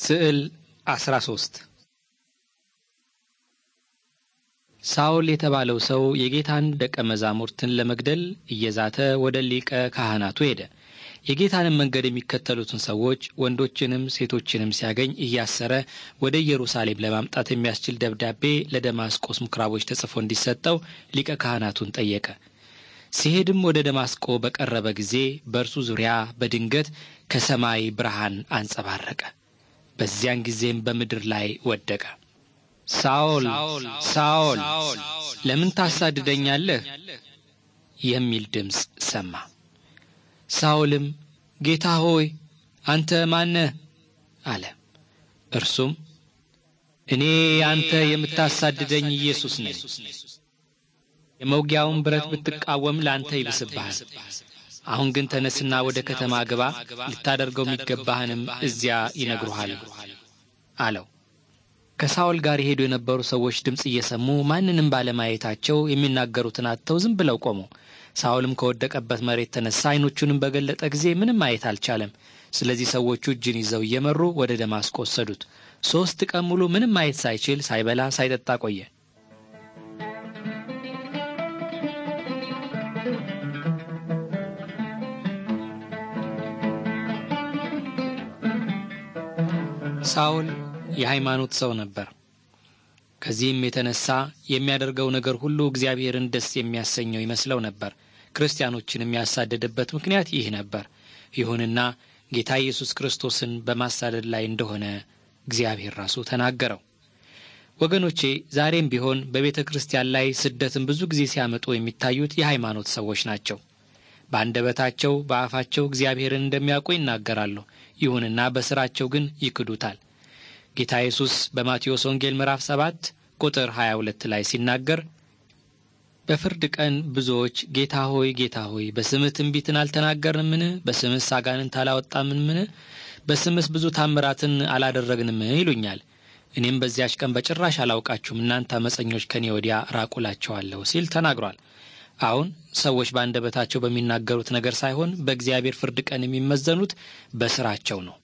ስዕል 13 ሳውል የተባለው ሰው የጌታን ደቀ መዛሙርትን ለመግደል እየዛተ ወደ ሊቀ ካህናቱ ሄደ። የጌታንም መንገድ የሚከተሉትን ሰዎች ወንዶችንም ሴቶችንም ሲያገኝ እያሰረ ወደ ኢየሩሳሌም ለማምጣት የሚያስችል ደብዳቤ ለደማስቆስ ምኩራቦች ተጽፎ እንዲሰጠው ሊቀ ካህናቱን ጠየቀ። ሲሄድም ወደ ደማስቆ በቀረበ ጊዜ በእርሱ ዙሪያ በድንገት ከሰማይ ብርሃን አንጸባረቀ። በዚያን ጊዜም በምድር ላይ ወደቀ። ሳኦል ሳኦል ለምን ታሳድደኛለህ? የሚል ድምፅ ሰማ። ሳኦልም ጌታ ሆይ አንተ ማነህ? አለ። እርሱም እኔ አንተ የምታሳድደኝ ኢየሱስ ነኝ። የመውጊያውን ብረት ብትቃወም ለአንተ ይብስብሃል አሁን ግን ተነስና ወደ ከተማ ግባ፣ ልታደርገው የሚገባህንም እዚያ ይነግሩሃል አለው። ከሳውል ጋር የሄዱ የነበሩ ሰዎች ድምፅ እየሰሙ ማንንም ባለማየታቸው የሚናገሩትን አጥተው ዝም ብለው ቆሙ። ሳውልም ከወደቀበት መሬት ተነሳ። አይኖቹንም በገለጠ ጊዜ ምንም ማየት አልቻለም። ስለዚህ ሰዎቹ እጅን ይዘው እየመሩ ወደ ደማስቆ ወሰዱት። ሦስት ቀን ሙሉ ምንም ማየት ሳይችል ሳይበላ ሳይጠጣ ቆየ። ሳውል የሃይማኖት ሰው ነበር። ከዚህም የተነሳ የሚያደርገው ነገር ሁሉ እግዚአብሔርን ደስ የሚያሰኘው ይመስለው ነበር። ክርስቲያኖችንም ያሳደደበት ምክንያት ይህ ነበር። ይሁንና ጌታ ኢየሱስ ክርስቶስን በማሳደድ ላይ እንደሆነ እግዚአብሔር ራሱ ተናገረው። ወገኖቼ ዛሬም ቢሆን በቤተ ክርስቲያን ላይ ስደትን ብዙ ጊዜ ሲያመጡ የሚታዩት የሃይማኖት ሰዎች ናቸው። በአንደበታቸው በአፋቸው እግዚአብሔርን እንደሚያውቁ ይናገራሉ፣ ይሁንና በሥራቸው ግን ይክዱታል። ጌታ ኢየሱስ በማቴዎስ ወንጌል ምዕራፍ 7 ቁጥር 22 ላይ ሲናገር በፍርድ ቀን ብዙዎች ጌታ ሆይ ጌታ ሆይ በስምህ ትንቢትን አልተናገርንምን? በስምህ አጋንንት አላወጣምንምን? በስምህ ብዙ ታምራትን አላደረግንም ይሉኛል። እኔም በዚያች ቀን በጭራሽ አላውቃችሁም እናንተ አመፀኞች ከኔ ወዲያ ራቁላቸዋለሁ ሲል ተናግሯል። አሁን ሰዎች በአንደበታቸው በሚናገሩት ነገር ሳይሆን በእግዚአብሔር ፍርድ ቀን የሚመዘኑት በስራቸው ነው።